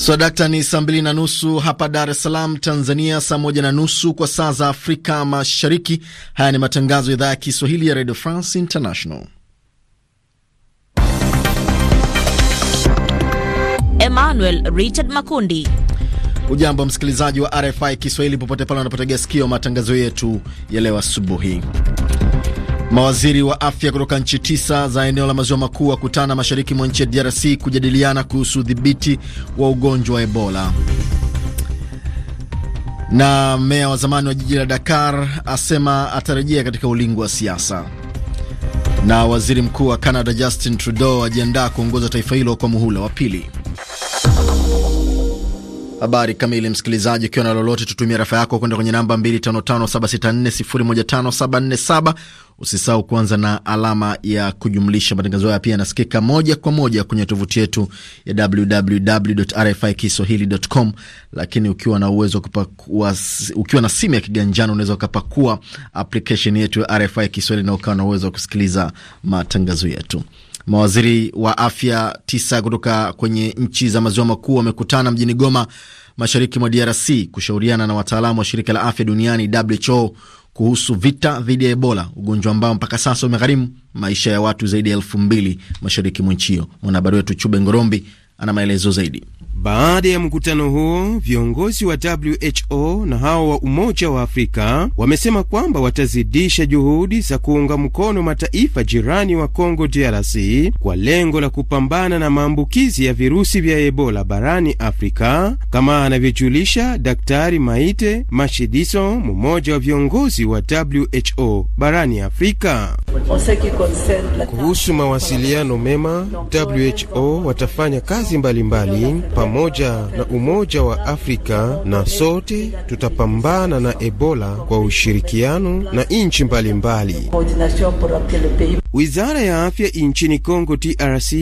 So, dakta ni saa mbili na nusu hapa Dar es Salaam, Tanzania, saa moja na nusu kwa saa za Afrika Mashariki. Haya ni matangazo ya idhaa ya Kiswahili ya Radio France International. Emmanuel Richard Makundi. Ujambo msikilizaji wa RFI Kiswahili, popote pale unapotegea sikio matangazo yetu ya leo asubuhi. Mawaziri wa afya kutoka nchi tisa za eneo la maziwa makuu wakutana mashariki mwa nchi ya DRC kujadiliana kuhusu udhibiti wa ugonjwa wa Ebola. Na meya wa zamani wa jiji la Dakar asema atarejea katika ulingo wa siasa. Na waziri mkuu wa Canada Justin Trudeau ajiandaa kuongoza taifa hilo kwa muhula wa pili. Habari kamili, msikilizaji, ukiwa na lolote, tutumia rafa yako kwenda kwenye namba 255764015747 Usisahau kuanza na alama ya kujumlisha. Matangazo haya pia yanasikika moja kwa moja kwenye tovuti yetu ya www.rfikiswahili.com, lakini ukiwa na uwezo kupakua, ukiwa na simu ya kiganjano unaweza ukapakua application yetu ya RFI Kiswahili na ukawa na uwezo wa kusikiliza matangazo yetu. Mawaziri wa afya tisa kutoka kwenye nchi za maziwa makuu wamekutana mjini Goma, mashariki mwa DRC kushauriana na wataalamu wa shirika la afya duniani WHO kuhusu vita dhidi ya Ebola, ugonjwa ambao mpaka sasa umegharimu maisha ya watu zaidi ya elfu mbili mashariki mwa nchi hiyo. Mwanahabari wetu Chube Ngorombi ana maelezo zaidi. Baada ya mkutano huo, viongozi wa WHO na hao wa Umoja wa Afrika wamesema kwamba watazidisha juhudi za kuunga mkono mataifa jirani wa congo DRC kwa lengo la kupambana na maambukizi ya virusi vya Ebola barani Afrika, kama anavyojulisha Daktari Maite Mashidiso, mmoja wa viongozi wa WHO barani Afrika. Kuhusu mawasiliano mema, WHO watafanya kazi mbalimbali mbali, pamoja na Umoja wa Afrika na sote tutapambana na Ebola kwa ushirikiano na nchi mbalimbali. Wizara ya Afya nchini Kongo trc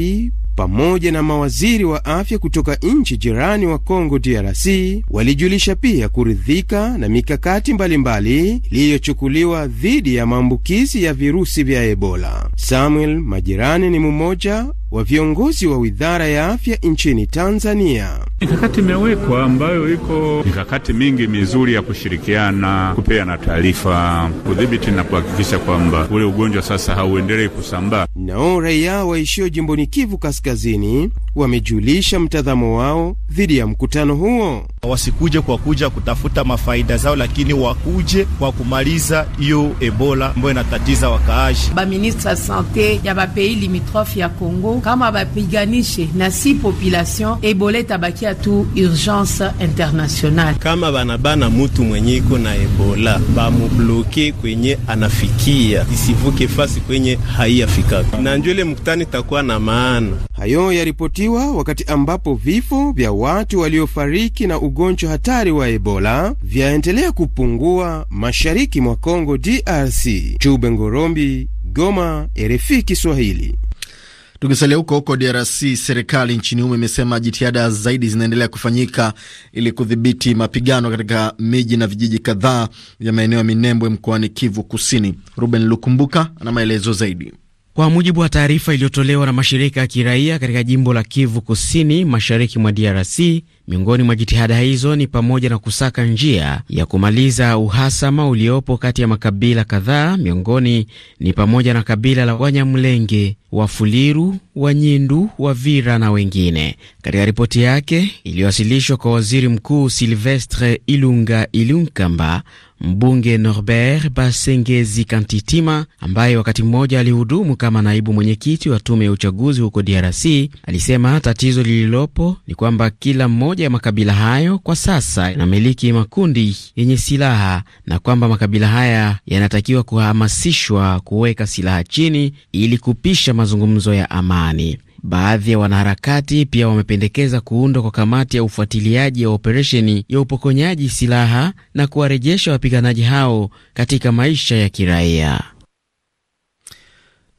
pamoja na mawaziri wa afya kutoka nchi jirani wa congo DRC walijulisha pia kuridhika na mikakati mbalimbali iliyochukuliwa dhidi ya maambukizi ya virusi vya Ebola. Samuel Majirani ni mmoja wa viongozi wa Wizara ya Afya nchini Tanzania. Mikakati imewekwa ambayo iko mikakati mingi mizuri ya kushirikiana, kupeana taarifa, kudhibiti na kuhakikisha kwamba ule ugonjwa sasa hauendelei kusambaa. Nao raia waishio jimboni Kivu Kaskazini wamejulisha mtazamo wao dhidi ya mkutano huo wasikuje kwa kuja kutafuta mafaida zao, lakini wakuje kwa kumaliza hiyo Ebola ambayo inatatiza wakaaji. Baministre ya sante ya bapei limitrofe ya Congo kama bapiganishe na si population, Ebola itabakia tu urgence internationale. Kama banabana mutu mwenye iko na Ebola bamubloke kwenye anafikia isivuke fasi kwenye haiafikaku na njwele mkutani takuwa na maana Hayo yaripotiwa wakati ambapo vifo vya watu waliofariki na ugonjwa hatari wa Ebola vyaendelea kupungua mashariki mwa congo DRC. Chube Ngorombi, Goma, RFI Kiswahili. Tukisalia huko huko DRC, serikali nchini humo imesema jitihada zaidi zinaendelea kufanyika ili kudhibiti mapigano katika miji na vijiji kadhaa vya maeneo ya Minembwe mkoani Kivu Kusini. Ruben Lukumbuka ana maelezo zaidi. Kwa mujibu wa taarifa iliyotolewa na mashirika ya kiraia katika jimbo la Kivu Kusini, mashariki mwa DRC, miongoni mwa jitihada hizo ni pamoja na kusaka njia ya kumaliza uhasama uliopo kati ya makabila kadhaa, miongoni ni pamoja na kabila la Wanyamulenge, Wafuliru, Wanyindu, Wavira na wengine. Katika ripoti yake iliyowasilishwa kwa waziri mkuu Silvestre Ilunga Ilunkamba, mbunge Norbert Basengezi Kantitima, ambaye wakati mmoja alihudumu kama naibu mwenyekiti wa tume ya uchaguzi huko DRC, alisema tatizo lililopo ni kwamba kila mmoja ya makabila hayo kwa sasa yanamiliki makundi yenye silaha na kwamba makabila haya yanatakiwa kuhamasishwa kuweka silaha chini ili kupisha mazungumzo ya amani amani. Baadhi ya wanaharakati pia wamependekeza kuundwa kwa kamati ya ufuatiliaji wa operesheni ya upokonyaji silaha na kuwarejesha wapiganaji hao katika maisha ya kiraia.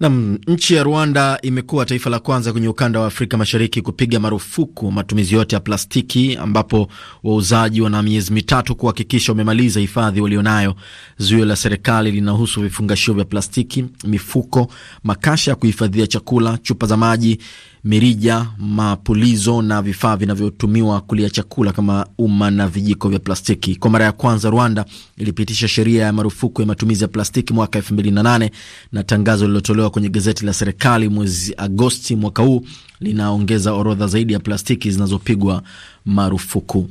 Nam, nchi ya Rwanda imekuwa taifa la kwanza kwenye ukanda wa Afrika Mashariki kupiga marufuku matumizi yote ya plastiki, ambapo wauzaji wana miezi mitatu kuhakikisha wamemaliza hifadhi walionayo. Zuio la serikali linahusu vifungashio vya plastiki, mifuko, makasha ya kuhifadhia chakula, chupa za maji mirija, mapulizo na vifaa vinavyotumiwa kulia chakula kama uma na vijiko vya plastiki. Kwa mara ya kwanza, Rwanda ilipitisha sheria ya marufuku ya matumizi ya plastiki mwaka 2008 na tangazo lililotolewa kwenye gazeti la serikali mwezi Agosti mwaka huu linaongeza orodha zaidi ya plastiki zinazopigwa marufuku.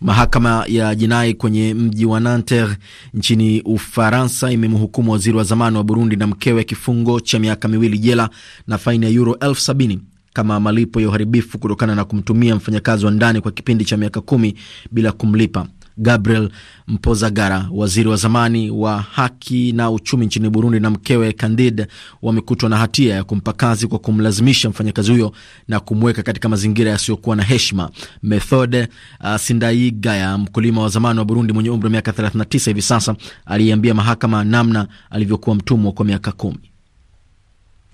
Mahakama ya jinai kwenye mji wa Nanterre nchini Ufaransa imemhukumu waziri wa zamani wa Burundi na mkewe kifungo cha miaka miwili jela na faini ya euro elfu sabini kama malipo ya uharibifu kutokana na kumtumia mfanyakazi wa ndani kwa kipindi cha miaka kumi bila kumlipa. Gabriel Mpozagara, waziri wa zamani wa haki na uchumi nchini Burundi, na mkewe Candide wamekutwa na hatia ya kumpa kazi kwa kumlazimisha mfanyakazi huyo na kumweka katika mazingira yasiyokuwa na heshima. Methode uh, Sindaigaya, mkulima wa zamani wa Burundi mwenye umri wa miaka 39 hivi sasa, aliyeambia mahakama namna alivyokuwa mtumwa kwa miaka kumi.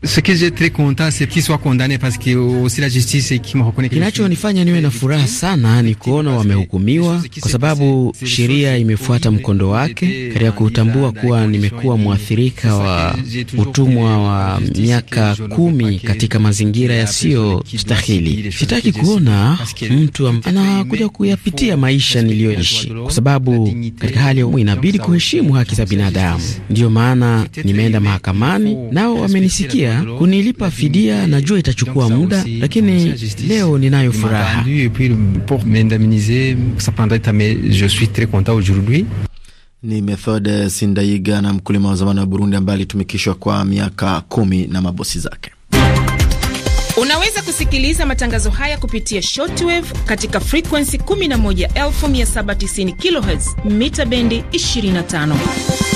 Ce que je très content, c'est qu'il soit condamné parce que aussi la justice qui me reconnaît. Kinachonifanya niwe na furaha sana ni kuona wamehukumiwa, kwa sababu sheria imefuata mkondo wake katika kutambua kuwa nimekuwa mwathirika wa utumwa wa miaka kumi katika mazingira yasiyo stahili. Sitaki kuona mtu anakuja kuyapitia maisha niliyoishi, kwa sababu katika hali ya inabidi kuheshimu haki za binadamu. Ndiyo maana nimeenda mahakamani, nao wamenisikia kuendelea kunilipa fidia, najua itachukua muda, lakini leo ninayo furaha. Ni Methode Sindaiga na mkulima wa zamani wa Burundi ambaye alitumikishwa kwa miaka kumi na mabosi zake. Unaweza kusikiliza matangazo haya kupitia shortwave katika frequency 11790 kHz mita bendi 25.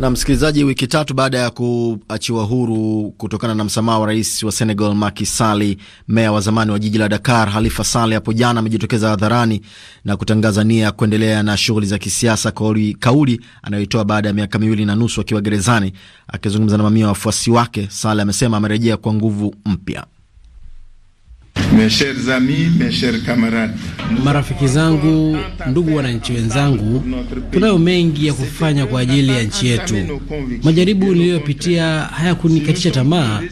Na msikilizaji, wiki tatu baada ya kuachiwa huru kutokana na msamaha wa rais wa Senegal Macky Sall, meya wa zamani wa jiji la Dakar Halifa Sall hapo jana amejitokeza hadharani na kutangaza nia ya kuendelea na shughuli za kisiasa, kauli anayoitoa baada ya miaka miwili na nusu akiwa gerezani. Akizungumza na mamia wa wafuasi wake, Sall amesema amerejea kwa nguvu mpya. Mes chers amis, mes chers camarades. Marafiki zangu, ndugu wananchi wenzangu, tunayo mengi ya kufanya kwa ajili ya nchi yetu. Majaribu niliyopitia hayakunikatisha tamaa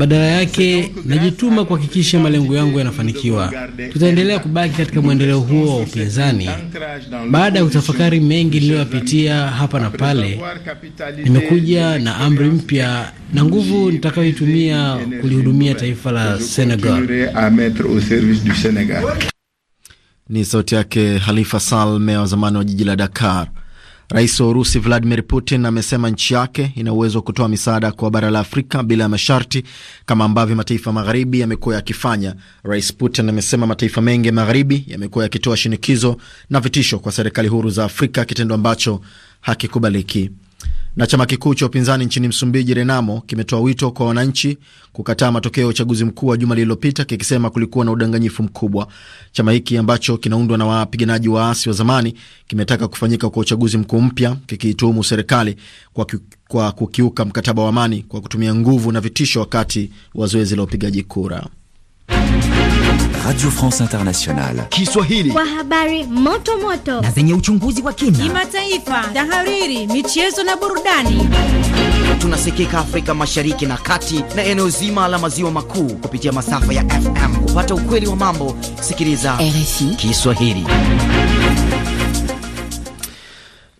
badala yake najituma kuhakikisha malengo yangu yanafanikiwa. Tutaendelea kubaki katika mwendeleo huo wa upinzani. Baada ya kutafakari mengi niliyoyapitia hapa na pale, nimekuja na amri mpya na nguvu nitakayoitumia kulihudumia taifa la Senegal. Ni sauti yake Halifa Salme wa zamani wa jiji la Dakar. Rais wa Urusi Vladimir Putin amesema nchi yake ina uwezo wa kutoa misaada kwa bara la Afrika bila ya masharti kama ambavyo mataifa magharibi yamekuwa yakifanya. Rais Putin amesema mataifa mengi ya magharibi yamekuwa yakitoa shinikizo na vitisho kwa serikali huru za Afrika, kitendo ambacho hakikubaliki. Na chama kikuu cha upinzani nchini Msumbiji, Renamo, kimetoa wito kwa wananchi kukataa matokeo ya uchaguzi mkuu wa juma lililopita kikisema kulikuwa na udanganyifu mkubwa. Chama hiki ambacho kinaundwa na wapiganaji waasi wa zamani kimetaka kufanyika kwa uchaguzi mkuu mpya, kikiituhumu serikali kwa, kwa kukiuka mkataba wa amani kwa kutumia nguvu na vitisho wakati wa zoezi la upigaji kura. Radio France Internationale Kiswahili, kwa habari moto moto na zenye uchunguzi wa kina, kimataifa, tahariri, michezo na burudani. Tunasikika Afrika Mashariki na Kati na eneo zima la maziwa makuu kupitia masafa ya FM. Kupata ukweli wa mambo, sikiliza RFI Kiswahili.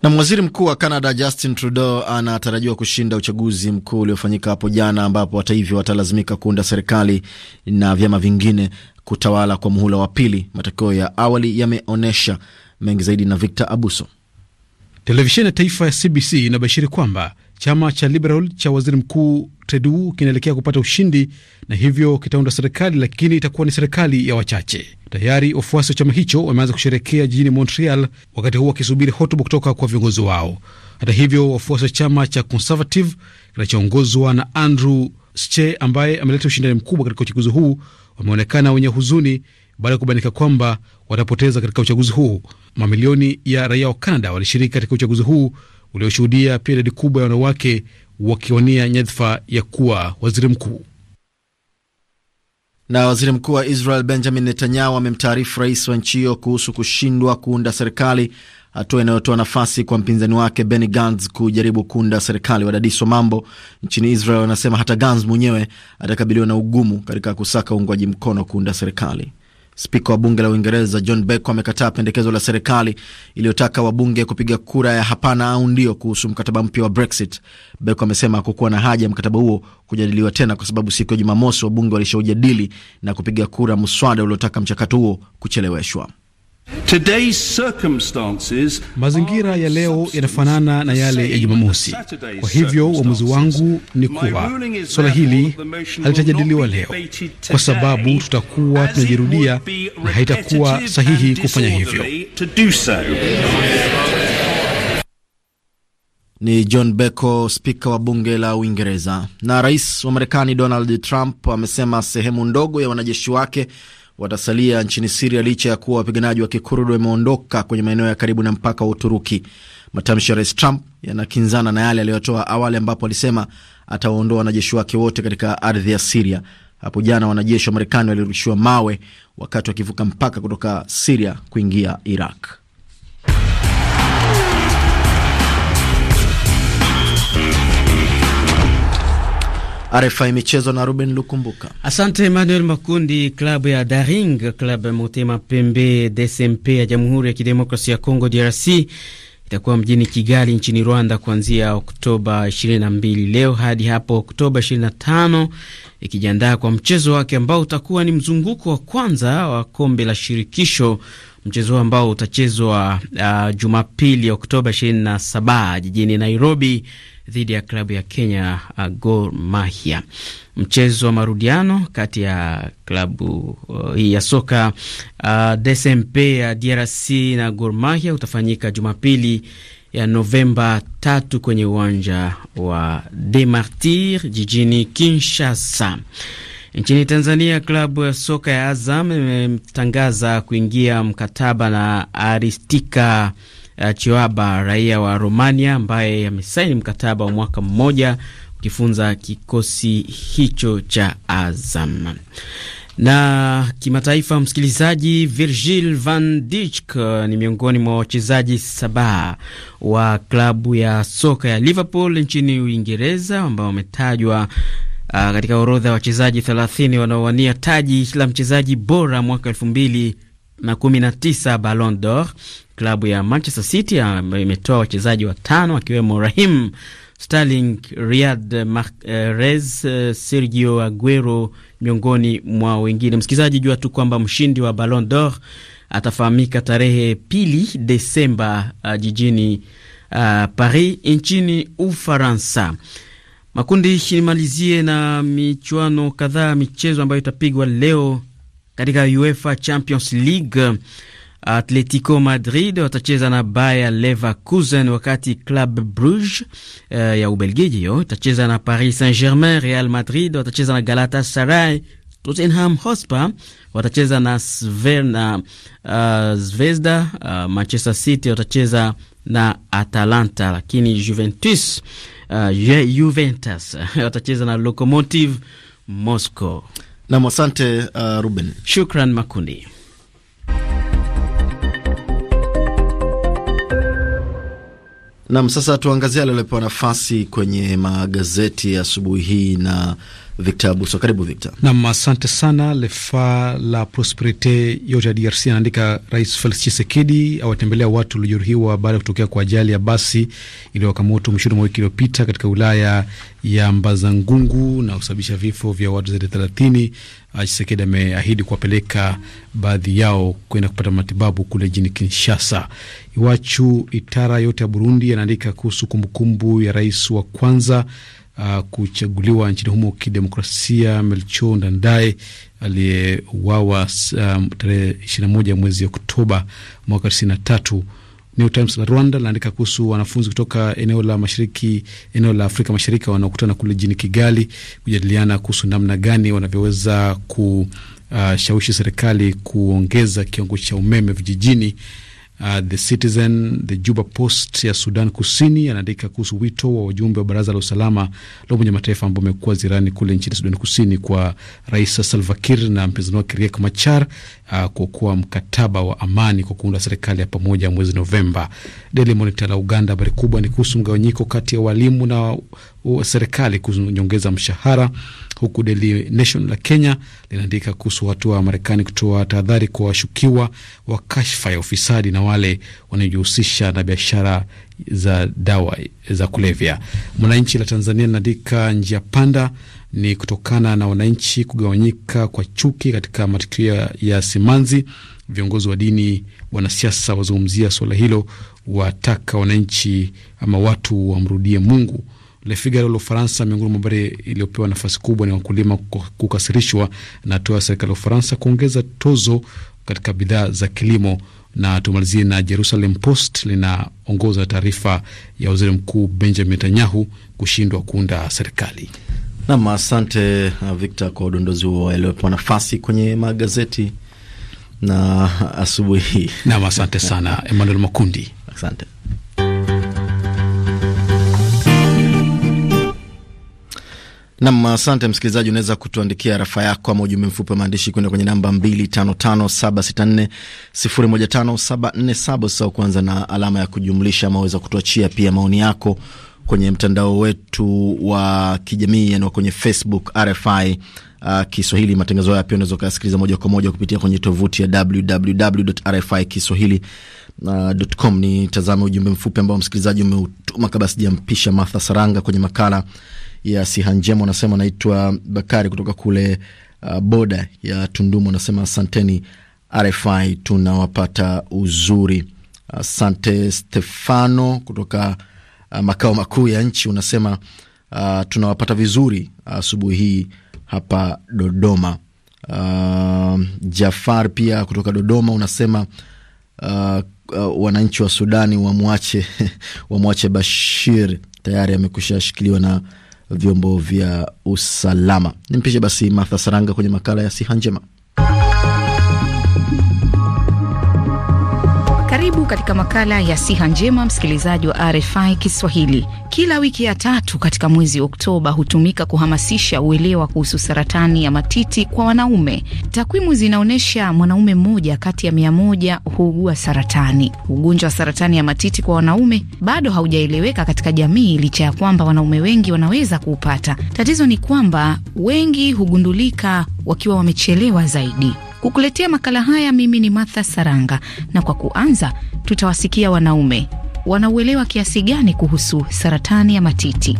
Na waziri mkuu wa Canada Justin Trudeau anatarajiwa kushinda uchaguzi mkuu uliofanyika hapo jana, ambapo hata hivyo watalazimika kuunda serikali na vyama vingine kutawala kwa muhula wa pili. Matokeo ya awali yameonyesha mengi zaidi. Na Victor Abuso. Televisheni ya taifa ya CBC inabashiri kwamba chama cha Liberal cha waziri mkuu Trudeau kinaelekea kupata ushindi na hivyo kitaunda serikali, lakini itakuwa ni serikali ya wachache. Tayari wafuasi wa chama hicho wameanza kusherekea jijini Montreal, wakati huu wakisubiri hotuba kutoka kwa viongozi wao. Hata hivyo, wafuasi wa chama cha Conservative kinachoongozwa na Andrew Scheer ambaye ameleta ushindani mkubwa katika uchaguzi huu wameonekana wenye huzuni baada ya kubainika kwamba watapoteza katika uchaguzi huu. Mamilioni ya raia wa Kanada walishiriki katika uchaguzi huu ulioshuhudia pia idadi kubwa ya wanawake wakiwania nyadhifa ya kuwa waziri mkuu. Na waziri mkuu wa Israel Benjamin Netanyahu amemtaarifu rais wa nchi hiyo kuhusu kushindwa kuunda serikali hatua inayotoa nafasi kwa mpinzani wake Benny Gantz kujaribu kuunda serikali. Wadadisi wa mambo nchini Israel wanasema hata Gantz mwenyewe atakabiliwa na ugumu katika kusaka uungwaji mkono kuunda serikali. Spika wa bunge la Uingereza John Beck amekataa pendekezo la serikali iliyotaka wabunge kupiga kura ya hapana au ndio kuhusu mkataba mpya wa Brexit. Beck amesema hakukuwa na haja ya mkataba huo kujadiliwa tena kwa sababu siku ya Jumamosi wabunge walishaujadili na kupiga kura mswada uliotaka mchakato huo kucheleweshwa. Mazingira ya leo yanafanana na yale ya Jumamosi. Kwa hivyo uamuzi wangu ni kuwa swala hili halitajadiliwa leo, kwa sababu tutakuwa tunajirudia na haitakuwa sahihi kufanya hivyo. Ni John Beko, spika wa bunge la Uingereza. Na rais wa Marekani Donald Trump amesema sehemu ndogo ya wanajeshi wake watasalia nchini Siria licha ya kuwa wapiganaji wa kikurdi wameondoka kwenye maeneo ya karibu na mpaka wa Uturuki. Matamshi ya Rais Trump yanakinzana na yale aliyotoa awali, ambapo alisema atawaondoa wanajeshi wake wote katika ardhi ya Siria. Hapo jana wanajeshi wa Marekani walirushiwa mawe wakati wakivuka mpaka kutoka Siria kuingia Iraq. RFI Michezo na Ruben Lukumbuka. Asante Emmanuel Makundi. Klabu ya Daring Club Motema Pembe DSMP ya Jamhuri ya Kidemokrasia ya Kongo DRC itakuwa mjini Kigali nchini Rwanda kuanzia Oktoba 22 leo hadi hapo Oktoba 25 ikijiandaa kwa mchezo wake ambao utakuwa ni mzunguko wa kwanza wa kombe la shirikisho, mchezo ambao utachezwa uh, Jumapili Oktoba 27 jijini Nairobi dhidi ya klabu ya Kenya uh, Gor Mahia. Mchezo wa marudiano kati ya klabu uh, hii uh, ya soka uh, DSMP ya DRC na Gor Mahia utafanyika Jumapili ya Novemba tatu kwenye uwanja wa Demartir jijini Kinshasa. Nchini Tanzania, klabu ya soka ya Azam imetangaza kuingia mkataba na Aristika Chiwaba, raia wa Romania, ambaye amesaini mkataba wa mwaka mmoja ukifunza kikosi hicho cha Azam. Na kimataifa, msikilizaji, Virgil van Dijk uh, ni miongoni mwa wachezaji saba wa klabu ya soka ya Liverpool nchini Uingereza ambao wametajwa Uh, katika orodha ya wachezaji 30 wanaowania taji la mchezaji bora mwaka 219 Ballon d'Or Klabu ya Manchester City imetoa wachezaji watano akiwemo Rahim Sterling, Riyad Mahrez, eh, Sergio Aguero miongoni mwa wengine. Msikilizaji, jua tu kwamba mshindi wa Ballon d'Or atafahamika tarehe pili Desemba uh, jijini uh, Paris nchini Ufaransa. Makundi, nimalizie na michuano kadhaa michezo ambayo itapigwa leo katika UEFA Champions League. Atletico Madrid watacheza na Bayer Leverkusen, wakati Club Brugge uh, eh, ya Ubelgiji hiyo itacheza na Paris Saint-Germain. Real Madrid watacheza na Galatasaray. Tottenham Hotspur watacheza na Sverna, uh, eh, Zvezda. Uh, Manchester City watacheza na Atalanta, lakini Juventus, uh, Juventus watacheza na Lokomotiv Moscow. Nam, asante uh, Ruben, shukran Makundi. Nam, sasa tuangazie yale aliopewa nafasi kwenye magazeti asubuhi hii na Victor Abuso. Karibu Victor. Nam, asante sana. Lefa la Prosperite yote ya DRC anaandika Rais Felix Chisekedi awatembelea watu waliojeruhiwa baada ya kutokea kwa ajali ya basi iliyowaka moto mwishoni mwa wiki iliyopita katika wilaya ya Mbazangungu na kusababisha vifo vya watu zaidi ya thelathini. Chisekedi ameahidi kuwapeleka baadhi yao kwenda kupata matibabu kule jini Kinshasa. Iwachu Itara yote ya Burundi yanaandika kuhusu kumbukumbu ya rais wa kwanza uh, kuchaguliwa nchini humo kidemokrasia Melcho ndandae aliyeuawa um, tarehe 21 mwezi Oktoba mwaka 93 New Times la Rwanda linaandika kuhusu wanafunzi kutoka eneo la mashariki, eneo la Afrika Mashariki wanaokutana kule jijini Kigali kujadiliana kuhusu namna gani wanavyoweza kushawishi serikali kuongeza kiwango cha umeme vijijini. Uh, the Citizen, The Juba Post ya Sudan Kusini yanaandika kuhusu wito wa wajumbe wa baraza la usalama la Umoja Mataifa ambao amekuwa zirani kule nchini Sudan Kusini kwa Rais Salva Kiir na mpinzani wake Riek Machar uh, kuokoa mkataba wa amani kwa kuunda serikali ya pamoja mwezi Novemba. Daily Monitor la Uganda, habari kubwa ni kuhusu mgawanyiko kati ya walimu na uh, serikali kunyongeza mshahara huku Daily Nation la Kenya linaandika kuhusu hatua ya Marekani kutoa tahadhari kwa washukiwa wa kashfa ya ufisadi na wale wanaojihusisha na biashara za dawa za kulevya. Mwananchi la Tanzania linaandika njia panda ni kutokana na wananchi kugawanyika kwa chuki katika matukio ya simanzi. Viongozi wa dini, wanasiasa wazungumzia suala hilo, wataka wananchi ama watu wamrudie Mungu. Le Figaro la Ufaransa, miongoni mwa habari iliyopewa nafasi kubwa ni wakulima kukasirishwa na hatua ya serikali ya Ufaransa kuongeza tozo katika bidhaa za kilimo. Na tumalizie na Jerusalem Post linaongoza taarifa ya waziri mkuu Benjamin Netanyahu kushindwa kuunda serikali. Nam, asante uh, Victor kwa udondozi huo aliopewa nafasi kwenye magazeti na asubuhi hii. Nam, asante sana Emmanuel Makundi, asante. Nam, asante msikilizaji. Unaweza kutuandikia rafa yako ama ujumbe mfupi wa maandishi kwenda kwenye namba 255764015747 sau kuanza na alama ya kujumlisha, ama weza kutuachia pia maoni yako kwenye mtandao wetu wa kijamii yani kwenye Facebook RFI uh, Kiswahili. Matangazo haya pia unaweza ukayasikiliza moja kwa moja kupitia kwenye tovuti ya Kiswahili Uh, com. ni tazame ujumbe mfupi ambao msikilizaji umeutuma kabla sijampisha Martha Saranga kwenye makala ya siha njema. Anasema naitwa Bakari kutoka kule uh, boda ya Tundumu. Anasema asanteni RFI, tunawapata uzuri. Asante uh, Stefano kutoka uh, makao makuu ya nchi, unasema uh, tunawapata vizuri asubuhi uh, hii hapa Dodoma. Uh, Jafar pia kutoka Dodoma unasema uh, uh, wananchi wa Sudani wamwache wamwache Bashir, tayari shikiliwa na vyombo vya usalama. Nimpishe basi Martha Saranga kwenye makala ya siha njema. Karibu katika makala ya siha njema, msikilizaji wa RFI Kiswahili. Kila wiki ya tatu katika mwezi Oktoba hutumika kuhamasisha uelewa kuhusu saratani ya matiti kwa wanaume. Takwimu zinaonyesha mwanaume mmoja kati ya mia moja huugua saratani. Ugonjwa wa saratani ya matiti kwa wanaume bado haujaeleweka katika jamii, licha ya kwamba wanaume wengi wanaweza kuupata. Tatizo ni kwamba wengi hugundulika wakiwa wamechelewa zaidi. Kukuletea makala haya mimi ni Martha Saranga, na kwa kuanza tutawasikia wanaume wanauelewa kiasi gani kuhusu saratani ya matiti.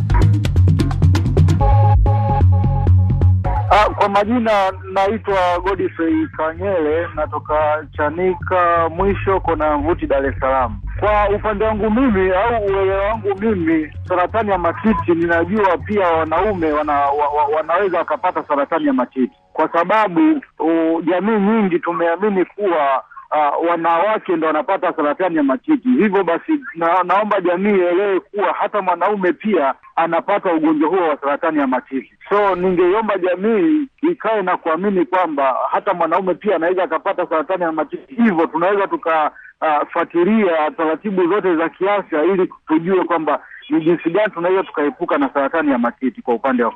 Ah, kwa majina naitwa Godfrey Kanyele, natoka Chanika Mwisho, kona Mvuti, Dar es Salaam. Kwa upande wangu mimi au uelewa wangu mimi, saratani ya matiti ninajua pia wanaume wana, wa, wa, wanaweza wakapata saratani ya matiti kwa sababu uh, jamii nyingi tumeamini kuwa uh, wanawake ndo wanapata saratani ya matiti. Hivyo basi na, naomba jamii ielewe kuwa hata mwanaume pia anapata ugonjwa huo wa saratani ya matiti. So ningeiomba jamii ikae na kuamini kwamba hata mwanaume pia anaweza akapata saratani ya matiti, hivyo tunaweza tukafuatilia uh, taratibu zote za kiafya ili tujue kwamba ni jinsi gani tunaweza tukaepuka na saratani ya matiti kwa upande wa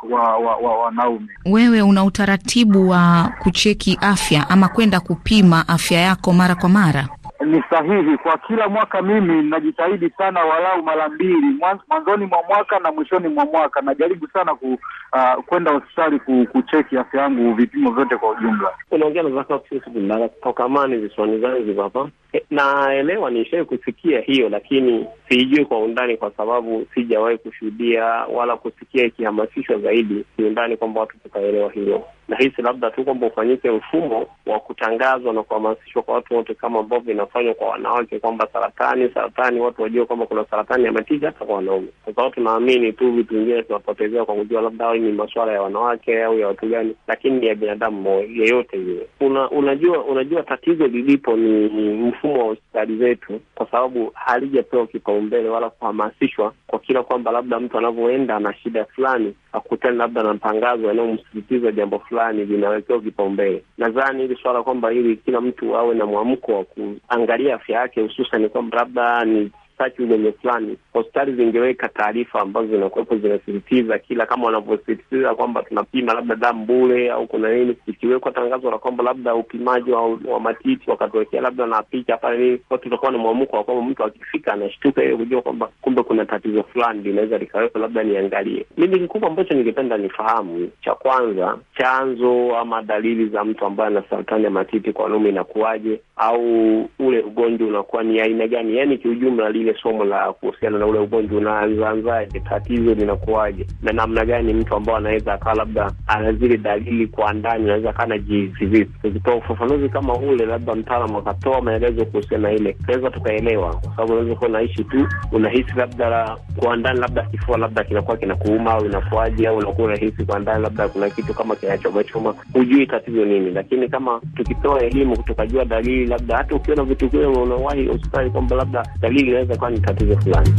wanaume wa, wa, wa wewe una utaratibu wa kucheki afya ama kwenda kupima afya yako mara kwa mara? Ni sahihi. Kwa kila mwaka mimi najitahidi sana walau mara mbili, mwanzoni mwa mwaka na mwishoni mwa mwaka. Najaribu sana ku, uh, kwenda hospitali ku, kucheki afya yangu, vipimo vyote kwa ujumla. Unaongea natoka Mani visiwani Zanzibar hapa. E, naelewa, nishai kusikia hiyo, lakini siijui kwa undani, kwa sababu sijawahi kushuhudia wala kusikia ikihamasishwa zaidi. Siundani kwamba watu tukaelewa hilo na hisi labda tu kwamba ufanyike mfumo wa kutangazwa na kuhamasishwa kwa watu wote, kama ambavyo inafanywa kwa wanawake kwamba saratani saratani, watu wajue kwamba kuna saratani ya matiti hata kwa wanaume. Sasa watu naamini tu vitu vingine tunapotezea kwa kujua labda ni masuala ya wanawake au ya watu gani, lakini ni ya binadamu yeyote yule. Una, unajua unajua tatizo lilipo ni mfumo wa hospitali zetu, kwa sababu halijapewa kipaumbele wala kuhamasishwa kwa kila kwamba labda mtu anavyoenda ana shida fulani akutane labda na mtangazo yanayomsisitiza jambo fulani fulani vinawekewa kipaumbele. Nadhani hili swala kwamba ili kila mtu awe na mwamko wa kuangalia afya yake, hususan kwamba labda ni sitaki unyonye fulani, hospitali zingeweka taarifa ambazo zinakuwepo zinasisitiza kila, kama wanavyosisitiza kwamba tunapima labda damu bure au kuna nini. Ikiwekwa tangazo la kwamba labda upimaji wa, wa matiti wakatuwekea labda na picha pale nini, watu tutakuwa na mwamko wa kwamba mtu akifika anashtuka ile kujua kwamba kumbe kuna tatizo fulani linaweza likawekwa, labda niangalie mimi. Kikubwa ambacho ningependa nifahamu, cha kwanza, chanzo ama dalili za mtu ambaye ana saratani ya matiti kwa wanaume inakuwaje, au ule ugonjwa unakuwa ni aina gani, yani kiujumla lile somo la kuhusiana na ule ugonjwa unaanzaanzaje, tatizo linakuwaje, na namna gani mtu ambao anaweza akawa labda ana zile dalili kwa ndani, anaweza akaa najihisi vipi. Ukitoa ufafanuzi kama ule, labda mtaalam akatoa maelezo kuhusiana na ile, tunaweza tukaelewa, kwa sababu unaweza kuwa unaishi tu unahisi labda kwa ndani, labda kifua labda kinakuwa kinakuuma au inakuwaje, au unakuwa unahisi kwa ndani labda kuna kitu kama kinachomachoma, hujui tatizo nini. Lakini kama tukitoa elimu, tukajua dalili, labda hata ukiona vitu vile unawahi hospitali kwamba labda dalili inaweza itakuwa ni tatizo fulani.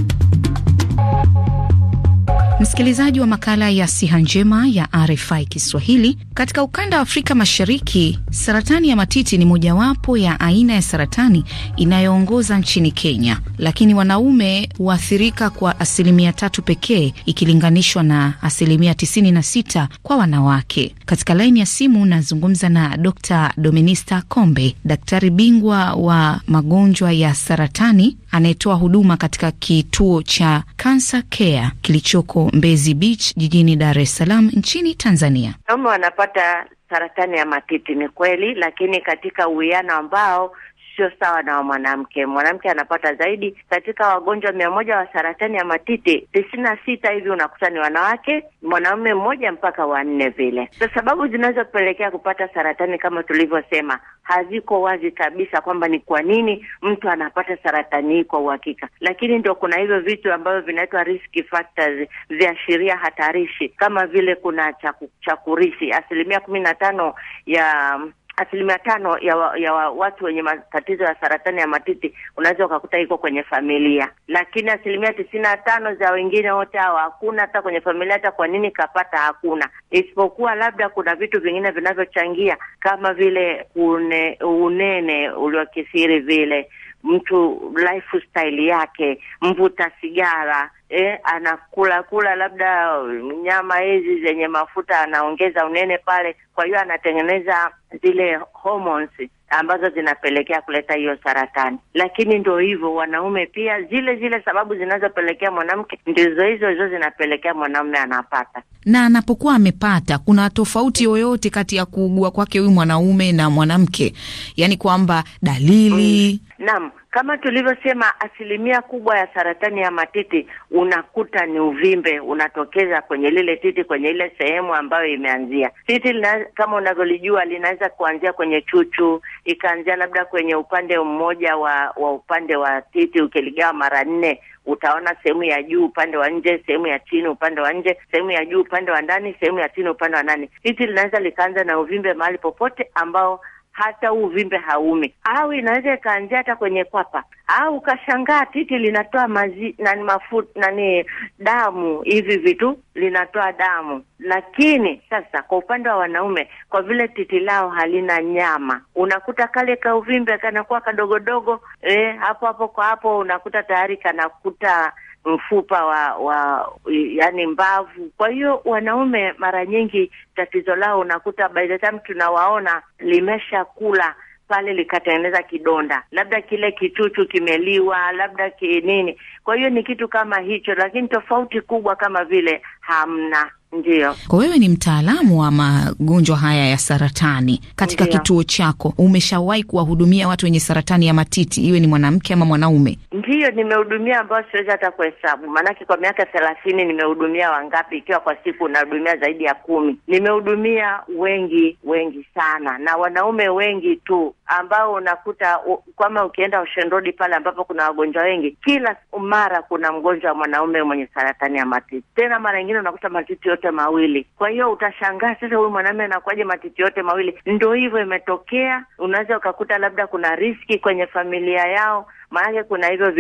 Msikilizaji wa makala ya siha njema ya RFI Kiswahili, katika ukanda wa Afrika Mashariki, saratani ya matiti ni mojawapo ya aina ya saratani inayoongoza nchini Kenya, lakini wanaume huathirika kwa asilimia tatu pekee ikilinganishwa na asilimia 96 kwa wanawake. Katika laini ya simu nazungumza na Dr Dominista Kombe, daktari bingwa wa magonjwa ya saratani anayetoa huduma katika kituo cha Cancer Care kilichoko Mbezi Beach jijini Dar es Salaam nchini Tanzania. wanapata saratani ya matiti ni kweli, lakini katika uwiano ambao sio sawa na mwanamke. Mwanamke anapata zaidi. Katika wagonjwa mia moja wa saratani ya matiti tisini na sita hivi unakuta ni wanawake, mwanaume mmoja mpaka wanne vile. So, sababu zinazopelekea kupata saratani kama tulivyosema haziko wazi kabisa kwamba ni kwa nini mtu anapata saratani hii kwa uhakika, lakini ndio kuna hivyo vitu ambavyo vinaitwa risk factors, viashiria hatarishi, kama vile kuna chaku, chakurishi asilimia kumi na tano ya asilimia tano ya, wa, ya wa, watu wenye matatizo ya saratani ya matiti unaweza ukakuta iko kwenye familia, lakini asilimia tisini na tano za wengine wote hawa hakuna hata kwenye familia. Hata kwa nini kapata? Hakuna, isipokuwa labda kuna vitu vingine vinavyochangia kama vile une, unene uliokithiri, vile mtu lifestyle yake, mvuta sigara eh, anakula kula labda mm, nyama hizi zenye mafuta, anaongeza unene pale. Kwa hiyo anatengeneza zile hormones ambazo zinapelekea kuleta hiyo saratani. Lakini ndio hivyo, wanaume pia zile zile sababu zinazopelekea mwanamke ndizo hizo hizo zinapelekea mwanaume anapata. Na anapokuwa amepata, kuna tofauti yoyote kati ya kuugua kwake huyu mwanaume na mwanamke? Yaani kwamba dalili mm. Naam, kama tulivyosema, asilimia kubwa ya saratani ya matiti unakuta ni uvimbe unatokeza kwenye lile titi, kwenye ile sehemu ambayo imeanzia titi. Lina, kama unavyolijua, linaweza kuanzia kwenye chuchu, ikaanzia labda kwenye upande mmoja wa, wa upande wa titi. Ukiligawa mara nne, utaona sehemu ya juu upande wa nje, sehemu ya chini upande wa nje, sehemu ya juu upande wa ndani, sehemu ya chini upande wa ndani. Titi linaweza likaanza na uvimbe mahali popote ambao hata uvimbe haume, au inaweza ikaanzia hata kwenye kwapa, au ukashangaa titi linatoa mazi nani mafu nani damu, hivi vitu linatoa damu. Lakini sasa kwa upande wa wanaume, kwa vile titi lao halina nyama, unakuta kale kauvimbe kanakuwa kadogodogo, eh, hapo hapo kwa hapo unakuta tayari kanakuta mfupa wa wa yani mbavu. Kwa hiyo wanaume mara nyingi tatizo lao unakuta by the time tunawaona limeshakula pale likatengeneza kidonda, labda kile kichuchu kimeliwa, labda kinini. Kwa hiyo ni kitu kama hicho, lakini tofauti kubwa kama vile hamna. Ndiyo. Kwa wewe ni mtaalamu wa magonjwa haya ya saratani katika Ndiyo. kituo chako umeshawahi kuwahudumia watu wenye saratani ya matiti, iwe ni mwanamke ama mwanaume? Ndiyo, nimehudumia ambao siwezi hata kuhesabu, maanake kwa miaka thelathini nimehudumia wangapi, ikiwa kwa siku unahudumia zaidi ya kumi. Nimehudumia wengi wengi sana, na wanaume wengi tu ambao unakuta kama ukienda Ocean Road pale ambapo kuna wagonjwa wengi, kila mara kuna mgonjwa wa mwanaume mwenye saratani ya matiti, tena mara nyingine unakuta matiti yote mawili. Kwa hiyo utashangaa sasa, huyu mwanaume anakuwaje matiti yote mawili? Ndo hivyo imetokea. Unaweza ukakuta labda kuna riski kwenye familia yao, maanake kuna hivyo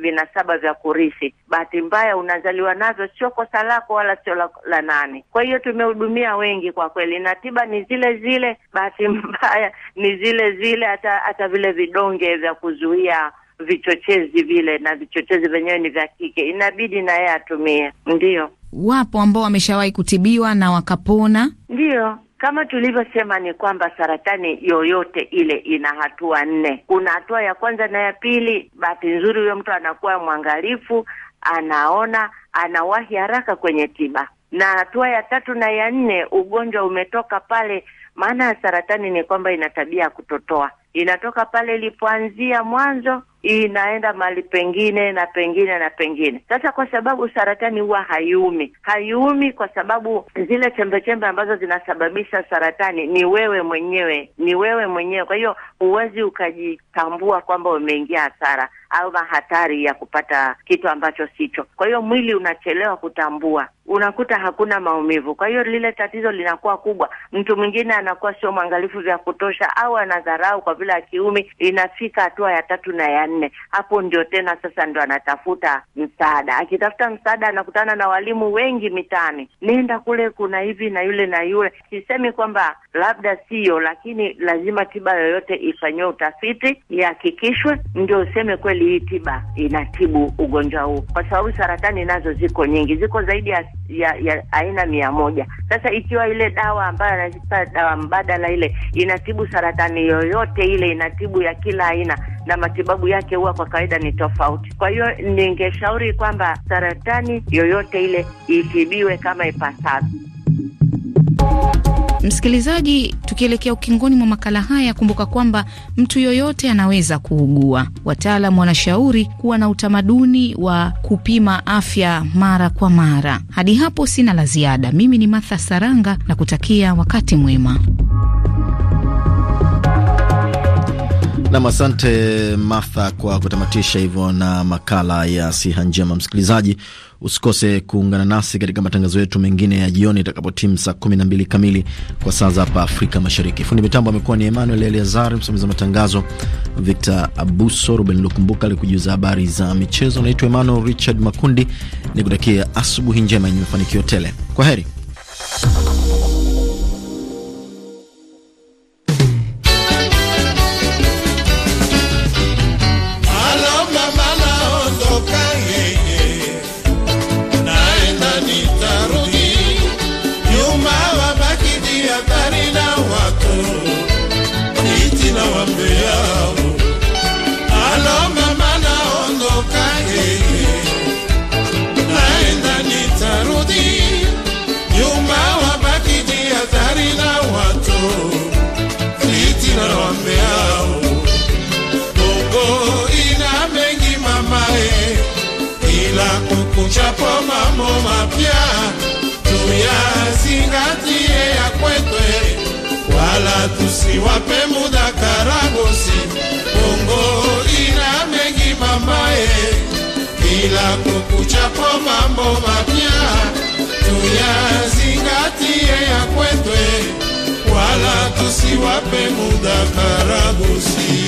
vinasaba vya kurithi. Bahati mbaya unazaliwa navyo, sio kosa lako wala sio la nani. Kwa hiyo tumehudumia wengi kwa kweli, na tiba ni zile zile, bahati mbaya ni zile zile, hata hata vile vidonge vya kuzuia vichochezi vile na vichochezi vyenyewe ni vya kike, inabidi na yeye atumie. ndio wapo ambao wameshawahi kutibiwa na wakapona. Ndiyo, kama tulivyosema ni kwamba saratani yoyote ile ina hatua nne. Kuna hatua ya kwanza na ya pili. Bahati nzuri, huyo mtu anakuwa mwangalifu, anaona, anawahi haraka kwenye tiba. Na hatua ya tatu na ya nne, ugonjwa umetoka pale. Maana ya saratani ni kwamba ina tabia ya kutotoa, inatoka pale ilipoanzia mwanzo inaenda mali pengine na pengine na pengine. Sasa kwa sababu saratani huwa haiumi, haiumi kwa sababu zile chembechembe ambazo zinasababisha saratani ni wewe mwenyewe, ni wewe mwenyewe. Kwa hiyo huwezi ukajitambua kwamba umeingia hasara au hatari ya kupata kitu ambacho sicho. Kwa hiyo mwili unachelewa kutambua, unakuta hakuna maumivu, kwa hiyo lile tatizo linakuwa kubwa. Mtu mwingine anakuwa sio mwangalifu vya kutosha, au anadharau kwa vile akiumi, inafika hatua ya tatu na ya nne. Hapo ndio tena sasa ndo anatafuta msaada. Akitafuta msaada anakutana na walimu wengi mitaani, nenda kule, kuna hivi na yule na yule. Sisemi kwamba labda siyo, lakini lazima tiba yoyote ifanyiwe utafiti, ihakikishwe, ndio useme kweli hii tiba inatibu ugonjwa huu, kwa sababu saratani nazo ziko nyingi, ziko zaidi ya, ya, ya aina mia moja. Sasa ikiwa ile dawa ambayo anaipa dawa mbadala ile inatibu saratani yoyote ile, inatibu ya kila aina na matibabu yake huwa kwa kawaida ni tofauti. Kwa hiyo ningeshauri kwamba saratani yoyote ile itibiwe kama ipasavyo. Msikilizaji, tukielekea ukingoni mwa makala haya, kumbuka kwamba mtu yoyote anaweza kuugua. Wataalam wanashauri kuwa na utamaduni wa kupima afya mara kwa mara. Hadi hapo sina la ziada. Mimi ni Martha Saranga na kutakia wakati mwema. Nam, asante Martha kwa kutamatisha hivyo na makala ya siha njema. Msikilizaji, usikose kuungana nasi katika matangazo yetu mengine ya jioni itakapotimu saa 12 kamili kwa saa za hapa Afrika Mashariki. Fundi mitambo amekuwa ni Emmanuel Eleazari, msimamizi wa matangazo Victor Abuso. Ruben Lukumbuka alikujuza habari za michezo. Naitwa Emmanuel Richard Makundi, nikutakia asubuhi njema yenye mafanikio tele. Kwa heri. Chapo mambo mapya tuyazingatie ya kwetu, wala tusiwape muda karagosi. Kongo ina mengi mamaye, kila kukuchapo mambo mapya tuyazingatie ya kwetu, wala tusiwape muda karagosi.